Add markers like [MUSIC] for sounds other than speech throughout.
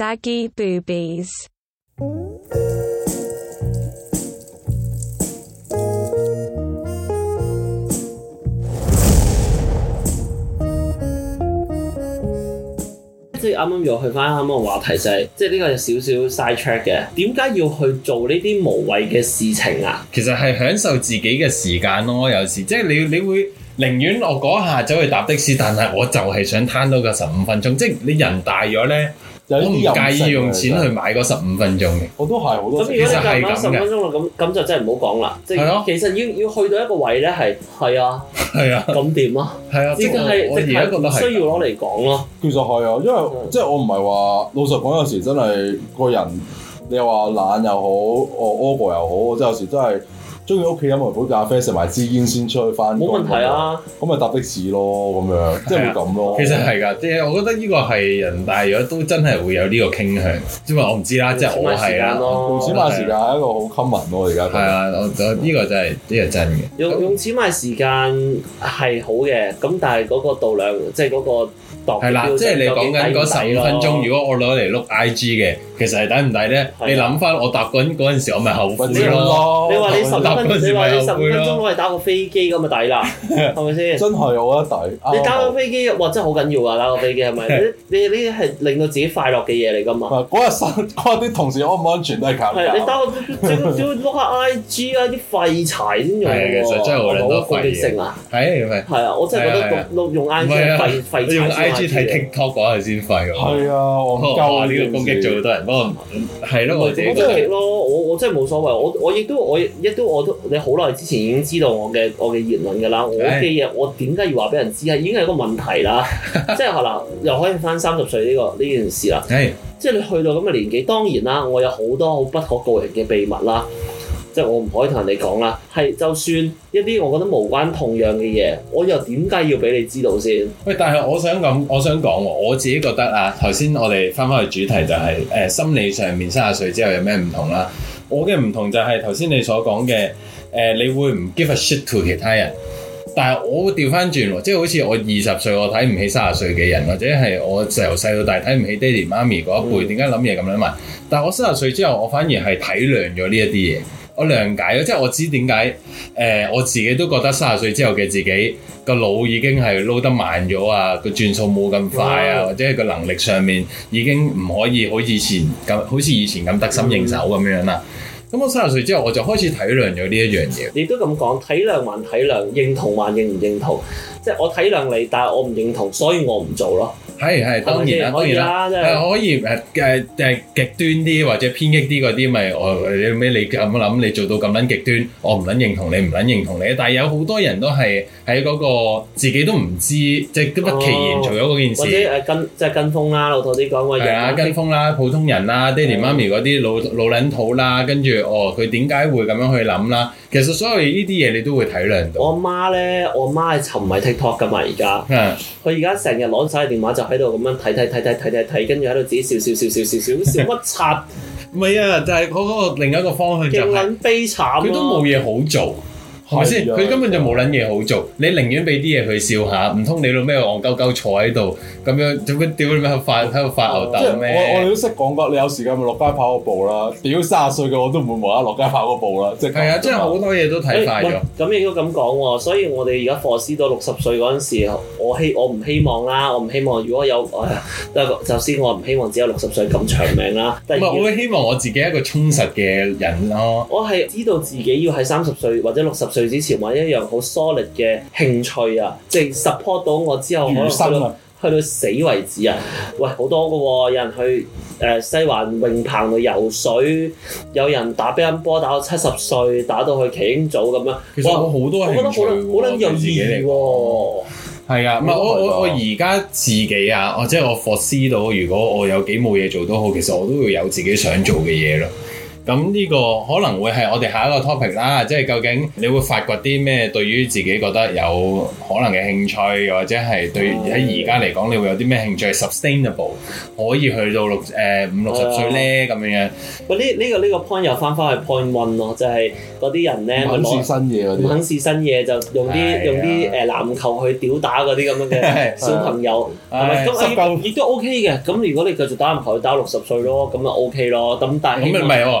Saggy boobies 即係啱啱又去翻啱啱個話題，就係即係呢個有少少 side track 嘅。點解要去做呢啲無謂嘅事情啊？其實係享受自己嘅時間咯，有時即係你你會寧願我嗰下走去搭的士，但係我就係想攤多個十五分鐘。即係你人大咗咧。我唔介意用錢去買嗰十五分鐘嘅、嗯，我都係好多，其實係咁嘅。咁咁就真係唔好講啦，即係其實要要去到一個位咧，係係啊，係 [LAUGHS] 啊，咁點啊？係 [LAUGHS] 啊，即係而家覺得係需要攞嚟講咯、啊。其實係啊，因為即係、就是、我唔係話老實講，有時真係個人，你又話懶又好，我 o 又好，即係有時真係。中意屋企飲埋杯咖啡，食埋支煙先出去翻。冇問題啊！咁咪搭的士咯，咁樣即係會咁咯。其實係噶，即係我覺得呢個係人大，如果都真係會有呢個傾向，即話我唔知啦，即係此我係啦。用錢買時間係一個好 common 咯，而家係啊！呢個真係，呢個真嘅。用用錢買時間係好嘅，咁但係嗰個度量，即係嗰個度量係啦的。即係你講緊嗰十五分鐘，如果我攞嚟碌 IG 嘅。其實係抵唔抵咧？你諗翻我搭嗰嗰陣時，我咪後悔咯。你話你十分你話你十五分鐘我嚟，打個飛機咁咪抵啦，係咪先？真係我覺得抵。你打個飛機，哇！真係好緊要噶，打個飛機係咪？你呢啲係令到自己快樂嘅嘢，嚟噶嘛？嗰日嗰日啲同事安唔安全都係靠。你打個碌下 I G 啊，啲廢柴先用，其實真係好多廢嘢。係咪？係啊，我真係覺得用 I G 廢用 I G 睇 TikTok 嗰下先廢。係啊，我唔夠呢個攻擊咗好多人。哦，係，係咯，我自己激咯，我我真係冇所謂，我我亦都我亦都我都你好耐之前已經知道我嘅我嘅言論噶啦，我嘅嘢我點解要話俾人知啊？已經係一個問題啦， [LAUGHS] 即係嗱，又可以翻三十歲呢、呢個呢件事啦， [LAUGHS] 即係你去到咁嘅年紀，當然啦，我有好多好不可告人嘅秘密啦。即係我唔可以同人哋講啦，係就算一啲我覺得無關痛癢嘅嘢，我又點解要俾你知道先？喂，但係我想咁，我想講，我自己覺得啊，頭先我哋翻返去主題就係、是、誒、呃、心理上面，三十歲之後有咩唔同啦、啊？我嘅唔同就係頭先你所講嘅誒，你會唔 give a shit to 其他人？但係我會調翻轉，即係好似我二十歲，我睇唔起三十歲嘅人，或者係我由細到大睇唔起爹哋媽咪嗰一輩，點解諗嘢咁樣問？但係我三十歲之後，我反而係體諒咗呢一啲嘢。我諒解咯，即係我知點解，誒、呃，我自己都覺得三十歲之後嘅自己個腦已經係撈得慢咗啊，個轉數冇咁快啊，哇或者係個能力上面已經唔可以好以前咁，好似以前咁得心應手咁樣啦。咁、嗯、我三十歲之後我就開始體諒咗呢一樣嘢。你都咁講，體諒還體諒，認同還認唔認同即係我體諒你，但係我唔認同，所以我唔做咯。係係當然啦，當然啦、就係，可以誒誒誒極端啲或者偏激啲嗰啲，咪、哦、我你咩你咁諗，你做到咁撚極端，我唔撚認同你，唔撚認同你。但係有好多人都係喺嗰個自己都唔知，即係不期然做咗嗰件事。哦、或者跟即係跟風啦，老土啲講嘅啊，跟，跟風啦，普通人啦，爹哋媽咪嗰啲老老撚土啦，跟住哦，佢點解會咁樣去諗啦？其實所有呢啲嘢你都會體諒到。我阿媽咧，我阿媽係沉迷 TikTok 噶嘛，而家，佢而家成日攞晒電話就喺度咁樣睇睇睇睇睇睇睇，跟住喺度自己笑笑笑笑笑笑笑乜柒？唔係啊，就係嗰個另一個方向就係。悲慘。佢都冇嘢好做，係咪先？佢根本就冇卵嘢好做。你寧願俾啲嘢佢笑下，唔通你老咩？戇鳩鳩坐喺度。咁樣做咩？屌你咪發喺度發吽豆咩？我哋都識講噶。你有時間咪落班跑個步啦。屌三十歲嘅我都唔會無啦啦落街跑個步啦。即係啊，即係好多嘢都睇晒咗。咁、欸、應該咁講喎。所以我哋而家 foresee 到六十歲嗰陣時，我希我唔希望啦，我唔希望如果有誒，但係就算、是、我唔希望只有六十歲咁長命啦。唔係，我會希望我自己一個充實嘅人咯。我係知道自己要喺三十歲或者六十歲之前揾一樣好 solid 嘅興趣啊，即、就、係、是、support 到我之後可能。去到死為止啊！喂，好多個喎、哦，有人去誒、呃、西環泳棚度游水，有人打乒乓波打到七十歲，打到去棋英組咁樣。其實我好多人都覺得好撚好撚有意義喎。係啊，唔係我我我而家自己啊，我即者即係我放師到，如果我有幾冇嘢做都好，其實我都會有自己想做嘅嘢咯。咁呢個可能會係我哋下一個 topic 啦，即係究竟你會發掘啲咩對於自己覺得有可能嘅興趣，或者係對喺而家嚟講你會有啲咩興趣係 sustainable 可以去到六誒五六十歲咧咁樣樣、這個。喂、這個，呢呢個呢個 point 又翻翻去 point one 咯，就係嗰啲人咧，唔肯試新嘢唔肯試新嘢就用啲用啲誒籃球去屌打嗰啲咁樣嘅小朋友，係咪，哎呀？籃球亦都 OK 嘅。咁如果你繼續打籃球，去打六十歲咯，咁就 OK 咯。咁但係，咁咪唔係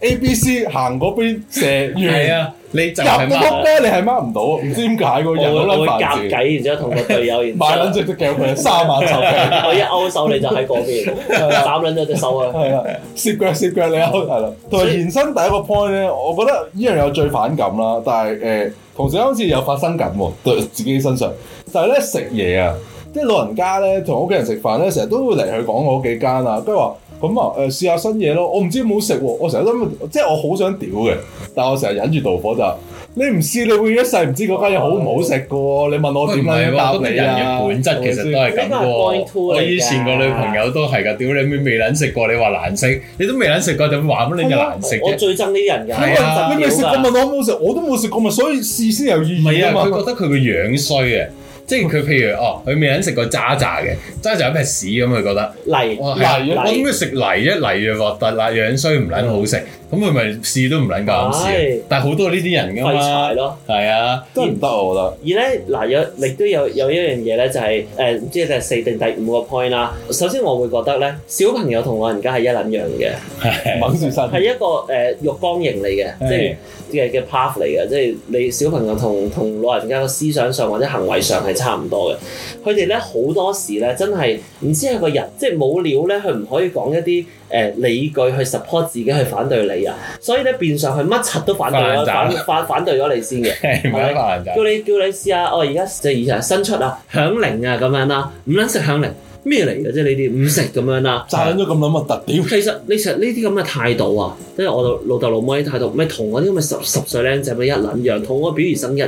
A、B、C 行嗰邊射完，你啊，你是是啊入屋咧，你係掹唔到，啊，唔、啊、知點解個入我會夾計，然之後同個隊友買卵咗隻腳佢，三萬臭皮，我一勾手你就喺嗰邊，斬卵咗隻手啊！係 [LAUGHS] 啊，攝腳攝腳你勾，係啦。同埋延伸第一個 point 咧，我覺得呢樣嘢我最反感啦，但係誒、呃，同時咧好似有發生緊喎，對自己身上。但係咧食嘢啊，即係老人家咧同屋企人食飯咧，成日都會嚟去講我幾間啊，即係話。咁啊，誒試下新嘢咯！我唔知好唔好食喎，我成日都，即係我好想屌嘅，但係我成日忍住怒火就，你唔試你會一世唔知嗰間嘢好唔好食嘅。你問我點解答你啦？本質其實都係咁。我以前個女朋友都係㗎，屌你未未撚食過，你話難食，你都未撚食過，點話乜你難食啫？我最憎呢啲人㗎。你未食你問我好唔好食，我都冇食過，嘛，所以事先有意義啊嘛！覺得佢個樣衰啊！即係佢譬如哦，佢未肯食個渣渣嘅，渣渣一匹屎咁，佢覺得泥泥，哦、泥我諗佢食泥一泥嘅核突啦，樣衰唔撚好食，咁佢咪試都唔撚敢試。哎、但係好多呢啲人㗎嘛，係啊，也都唔得我覺得。而咧嗱，有亦都有有一樣嘢咧，就係誒唔知就係第四定第五個 point 啦。首先我會覺得咧，小朋友同老人家係一撚樣嘅，猛樹山係一個誒、呃、浴缸型嚟嘅，即係嘅嘅 path 嚟嘅，即、就、係、是、你小朋友同同老人家嘅思想上或者行為上係，差唔多嘅，佢哋咧好多時咧真係唔知係個人，即係冇料咧，佢唔可以講一啲誒、呃、理據去 support 自己去反對你啊，所以咧變上去乜柒都反對咗，反反反對咗你先嘅，叫你叫你試下，我而家即係以前新出鈴啊，響鈴啊咁樣啦，唔撚食響鈴。咩嚟嘅？即係呢啲唔食咁樣啦、啊，爭咗咁撚核突屌！其實你成呢啲咁嘅態度啊，即係我嘅老豆老母啲態度，咪同嗰啲咁嘅十十歲靚仔咪一撚樣，同嗰個表兒生一樣，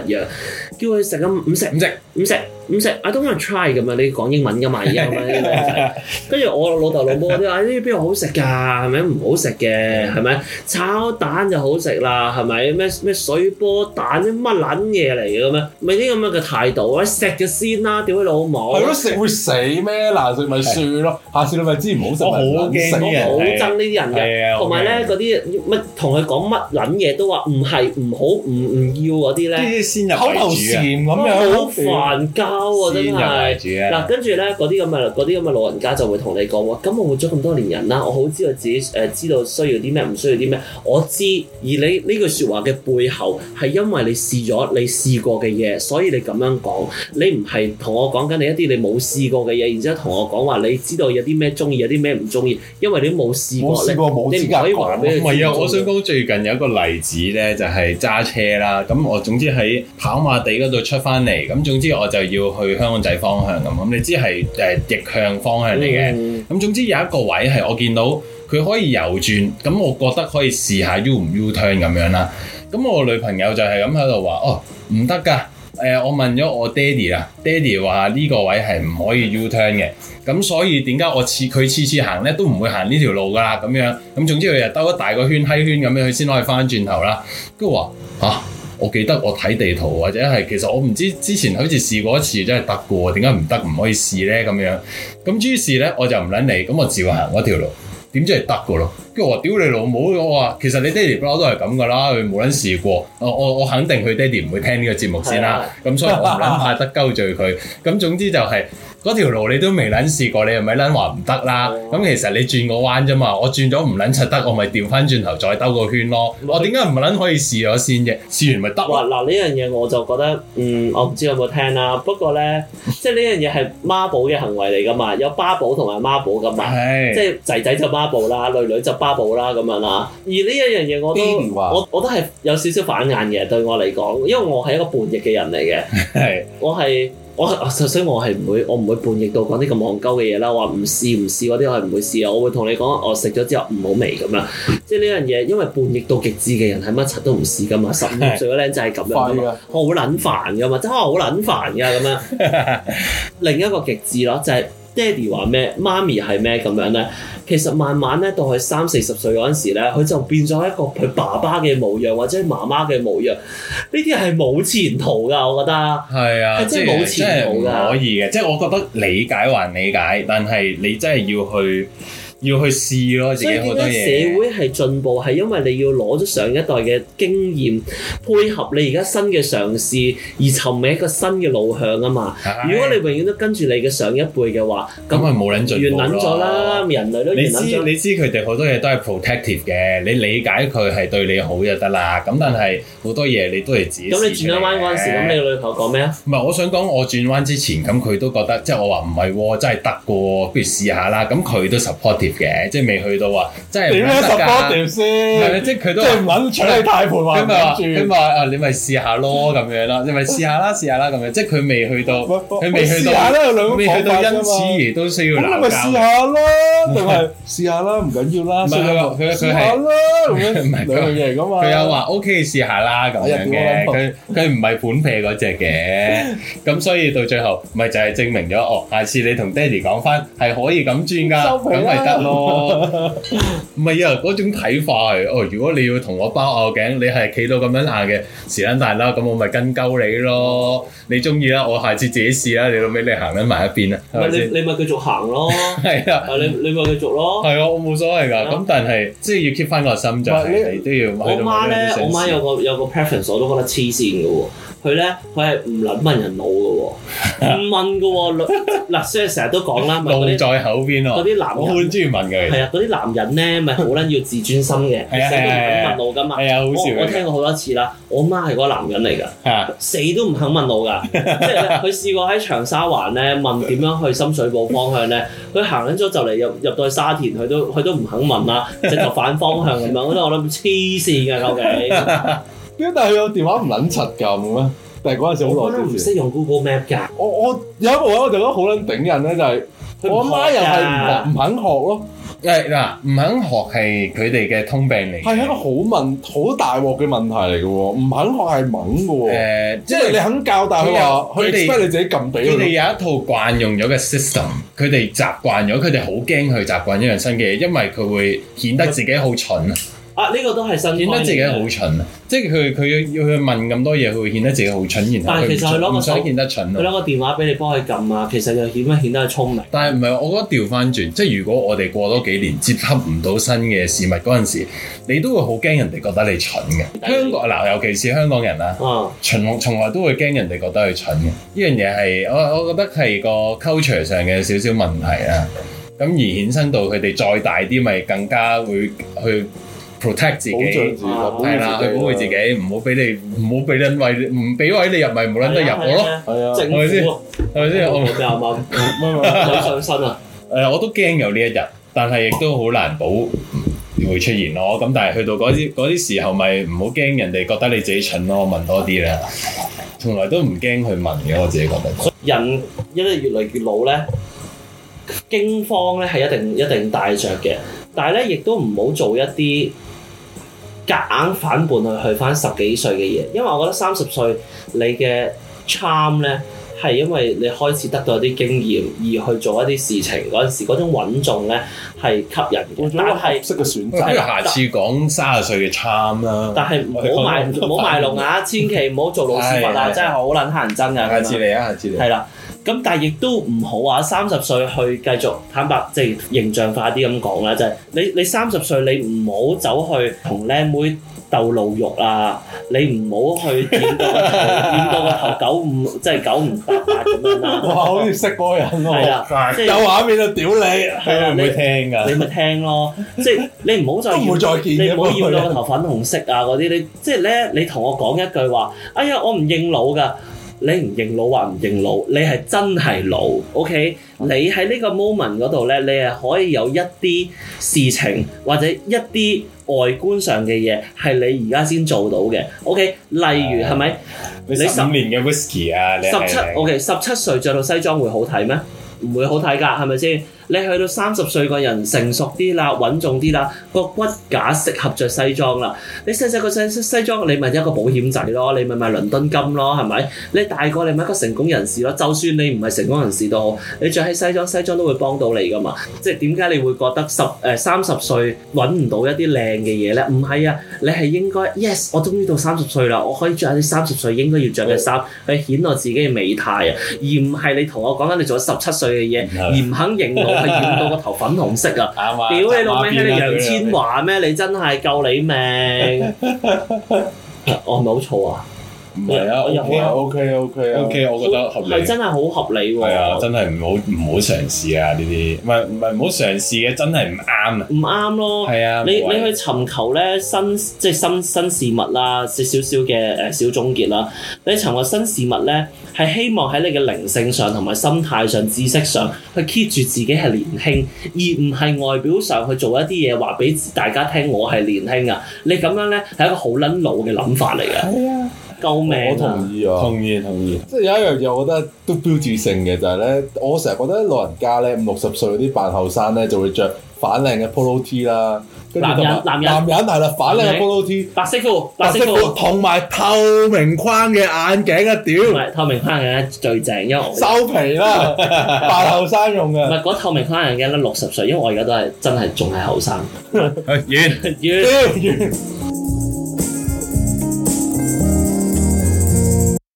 叫佢食，咁唔食唔食唔食。唔食，I don't want try 咁啊！你講英文噶嘛，而家咁樣跟住我老豆老母嗰話：呢、哎、邊好食㗎，係咪唔好食嘅？係咪炒蛋就好食啦？係咪咩咩水波蛋啲乜撚嘢嚟嘅咁樣？咪呢咁樣嘅態度，食、啊、咗先啦！屌你老母係咯，食會死咩？嗱，食咪算咯，下次你咪知唔好是是食。我好驚好憎呢啲人嘅，同埋咧嗰啲乜同佢講乜撚嘢都話唔係唔好唔唔要嗰啲咧，口頭禪咁樣好煩噶～嗱，跟住咧嗰啲咁嘅啲咁嘅老人家就會同你講話，咁我活咗咁多年人啦、啊，我好知道自己誒、呃、知道需要啲咩，唔需要啲咩，我知。而你呢句説話嘅背後係因為你試咗你試過嘅嘢，所以你咁樣講，你唔係同我講緊你一啲你冇試過嘅嘢，然之後同我講話你知道有啲咩中意，有啲咩唔中意，因為你冇試過，過你唔資可以話俾我聽。唔係啊，我想講最近有一個例子咧，就係揸車啦。咁我總之喺跑馬地嗰度出翻嚟，咁總之我就要。去香港仔方向咁，你知係誒、呃、逆向方向嚟嘅。咁、嗯嗯、總之有一個位係我見到佢可以右轉，咁我覺得可以試下 U 唔 U turn 咁樣啦。咁我女朋友就係咁喺度話：哦，唔得㗎！誒、呃，我問咗我爹哋啦，爹哋話呢個位係唔可以 U turn 嘅。咁所以點解我次佢次次行咧都唔會行呢條路㗎啦？咁樣咁總之佢就兜一大個圈閪圈咁樣，佢先可以翻轉頭啦。跟住話嚇。啊。我記得我睇地圖或者係其實我唔知之前好似試過一次真係得過，點解唔得唔可以試呢？咁樣？咁於是呢，我就唔撚你。咁我，我自問行嗰條路點知係得嘅咯？跟住我話：屌你老母！我話其實你爹哋不嬲都係咁嘅啦，佢冇撚試過。我我我肯定佢爹哋唔會聽呢個節目先啦。咁、啊、所以我唔撚怕得鳩罪佢。咁 [LAUGHS] 總之就係、是。嗰條路你都未捻試過，你係咪捻話唔得啦！咁、哦、其實你轉個彎啫嘛，我轉咗唔捻柒得，我咪調翻轉頭再兜個圈咯。嗯、我點解唔捻可以試咗先嘅？試完咪得、啊？哇！嗱，呢樣嘢我就覺得，嗯，嗯我唔知有冇聽啦。不過咧， [LAUGHS] 即係呢樣嘢係孖寶嘅行為嚟噶嘛，有巴寶同埋孖寶噶嘛。係是即係仔仔就孖寶啦，女女就巴寶啦咁樣啦。而呢一樣嘢我都怕我我都係有少少反眼嘅，對我嚟講，因為我係一個叛逆嘅人嚟嘅。係 [LAUGHS] [LAUGHS] 我係。我所以我係唔會，我唔會叛逆到講啲咁戇鳩嘅嘢啦。我話唔試唔試嗰啲，我係唔會試啊。我會同你講，我食咗之後唔好味咁、就是、樣。即係呢樣嘢，因為叛逆到極致嘅人係乜柒都唔試噶嘛。十五歲嘅僆仔係咁樣啊嘛，好撚煩噶嘛，真係好撚煩噶咁樣。 [LAUGHS] 另一個極致咯，就係、是。爹哋話咩？媽咪係咩咁樣咧？其實慢慢咧，到佢三四十歲嗰陣時咧，佢就變咗一個佢爸爸嘅模樣，或者媽媽嘅模樣。呢啲係冇前途㗎，我覺得。係啊，佢真係冇前途㗎。可以嘅，即係我覺得理解還理解，但係你真係要去。要去試咯，自己好多嘢。社會係進步，係因為你要攞咗上一代嘅經驗，配合你而家新嘅嘗試，而尋覓一個新嘅路向啊嘛。是是如果你永遠都跟住你嘅上一輩嘅話，咁係冇撚進步咯，人類都越撚咗啦。你知，你知佢哋好多嘢都係 protective 嘅，你理解佢係對你好就得啦。咁但係好多嘢你都係自己。咁你轉咗彎嗰陣時，咁你個女朋友講咩啊？唔係，我想講我轉彎之前，咁佢都覺得，即係我話唔係喎，真係得喎，不如試下啦。咁佢都 supportive。嘅，即係未去到啊！即係點樣十多條先？係即係佢都即唔肯搶你太盤，話唔轉。咁咪啊，你咪試下咯咁樣啦，你咪試下啦，試下啦咁樣。即係佢未去到，佢未去到，未去到，因此而都需要難搞。咁咪試下咯，定係試下啦，唔緊要啦。唔係佢話佢佢係唔係兩樣嘢嚟噶嘛？佢有話 OK，試下啦咁樣嘅。佢佢唔係本撇嗰隻嘅，咁所以到最後咪就係證明咗哦。下次你同爹哋講翻係可以咁轉噶，咁咪得。咯，唔係啊，嗰種睇法嘅。哦，如果你要同我包拗頸，你係企到咁樣下嘅，時間大啦，咁我咪跟鳩你咯。你中意啦，我下次自己試啦。你老尾你行緊埋一邊啦，係咪你咪繼續行咯，係啊，你你咪繼續咯，係啊，我冇所謂噶。咁但係，即係要 keep 翻個心就係，你都要。我媽咧，我媽有個有個 preference，我都覺得黐線噶喎。佢咧，佢係唔撚問人路嘅喎，唔問嘅喎，嗱，所以成日都講啦，路在口邊喎。嗰啲男好鍾意問嘅，係啊，嗰啲男人咧，咪好撚要自尊心嘅，唔肯問我噶嘛。係啊，好笑。我聽過好多次啦，我媽係個男人嚟噶，死都唔肯問路噶。佢試過喺長沙灣咧問點樣去深水埗方向咧，佢行緊咗就嚟入入到去沙田，佢都佢都唔肯問啦，直頭反方向咁樣。我諗黐線㗎究竟。咁但係佢個電話唔撚柒嘅咩？但係嗰陣時我我都唔識用 Google Map 㗎。我我有一部咧，我就覺得好撚頂人咧，就係我媽又係唔唔肯學咯。誒嗱，唔肯學係佢哋嘅通病嚟。係一個好問好大鑊嘅問題嚟嘅喎，唔肯學係懵嘅喎。誒，即係你肯教，但係佢話佢哋不你自己撳俾佢。佢哋有一套慣用咗嘅 system，佢哋習慣咗，佢哋好驚去習慣一樣新嘅嘢，因為佢會顯得自己好蠢。呢、啊，這個都係顯得自己好蠢啊！即係佢佢要去問咁多嘢，佢會顯得自己好蠢。然後唔想顯得蠢，佢攞個電話俾你幫佢撳啊！其實又顯得顯得佢聰明。但係唔係？我覺得調翻轉，即係如果我哋過多幾年接觸唔到新嘅事物嗰陣時，你都會好驚人哋覺得你蠢嘅。香港嗱，尤其是香港人啦，從從、哦、來都會驚人哋覺得佢蠢嘅。呢樣嘢係我我覺得係個 culture 上嘅少少問題啦。咁而衍生到佢哋再大啲，咪更加會去。protect 自己，係啦，去保護自己，唔好俾你，唔好俾人為，唔俾位你入，咪冇撚得入我咯。係啊，係咪先？係咪先？我冇啲阿媽，阿媽上身啊！誒，我都驚有呢一日，但係亦都好難保會出現咯。咁但係去到嗰啲啲時候，咪唔好驚人哋覺得你自己蠢咯。問多啲啦，從來都唔驚去問嘅，我自己覺得人一越嚟越老咧，驚慌咧係一定一定帶着嘅，但係咧亦都唔好做一啲。夾硬反叛去去翻十幾歲嘅嘢，因為我覺得三十歲你嘅 charm 咧，係因為你開始得到一啲經驗而去做一啲事情嗰陣時那，嗰種穩重咧係吸引嘅。但係，因為、啊、下次講三十歲嘅 charm 啦，但係唔好賣唔好賣弄啊！千祈唔好做老屎忽啊！啊 [LAUGHS] 真係好撚乞人憎。下次嚟啊！下次嚟、啊。啦。咁但係亦都唔好啊！三十歲去繼續坦白，即係形象化啲咁講啦，就係你你三十歲你唔好走去同靚妹鬥露肉啊！你唔好去剪到個頭 [LAUGHS] 到個頭九五，即係九唔搭八咁樣啦。我好似識嗰個人，我有畫面啊！屌你，佢會唔會聽㗎？你咪聽咯，即係 [LAUGHS] 你唔好再都唔會再見。你唔好染到個頭粉紅色啊！嗰啲你即係咧，你同我講一句話，哎呀，我唔認老㗎。你唔認老或唔認老，你係真係老，OK？你喺呢個 moment 嗰度咧，你係可以有一啲事情或者一啲外觀上嘅嘢係你而家先做到嘅，OK？例如係咪、啊、你十年嘅 whisky 啊，你？十七 OK，十七歲着到西裝會好睇咩？唔會好睇㗎，係咪先？你去到三十歲個人成熟啲啦，穩重啲啦，個骨架適合着西裝啦。你細細個西西西裝，你咪一個保險仔咯，你咪賣倫敦金咯，係咪？你大個你咪一個成功人士咯。就算你唔係成功人士都好，你着起西裝，西裝都會幫到你噶嘛。即係點解你會覺得十誒三十歲揾唔到一啲靚嘅嘢咧？唔係啊，你係應該 [LAUGHS] Yes，我終於到三十歲啦，我可以著啲三十歲應該要着嘅衫去顯露自己嘅美態啊，而唔係你同我講緊你做咗十七歲嘅嘢 [LAUGHS] 而唔肯認同。係染 [LAUGHS] 到個頭粉紅色啊， [LAUGHS] 屌啊！屌你老味，你楊千嬅咩？你真係救你命！我係咪好嘈啊？唔係啊，OK，OK，OK 啊，OK，我覺得合理係真係好合理喎、啊。係啊，真係唔好唔好嘗試啊！呢啲唔係唔係唔好嘗試嘅、啊，真係唔啱啊！唔啱咯，係啊。你會你去尋求咧新即係新新事物啦，少少嘅誒小總結啦。你尋求新事物咧，係希望喺你嘅靈性上同埋心態上、知識上，去 keep 住自己係年輕，而唔係外表上去做一啲嘢話俾大家聽，我係年輕啊！你咁樣咧係一個好撚老嘅諗法嚟嘅。救命、啊！我同意啊，同意，同意同意。即係有一樣嘢，我覺得都標誌性嘅就係、是、咧，我成日覺得老人家咧五六十歲嗰啲扮後生咧就會着反靚嘅 Polo T 啦，男人男人係啦，反靚嘅 Polo T，白色褲，白色褲，同埋透明框嘅眼鏡一、啊、屌，唔係透明框嘅最正，因為收皮啦，扮後生用嘅。唔係嗰透明框眼鏡咧，六十歲，因為我而家都係真係仲係後生。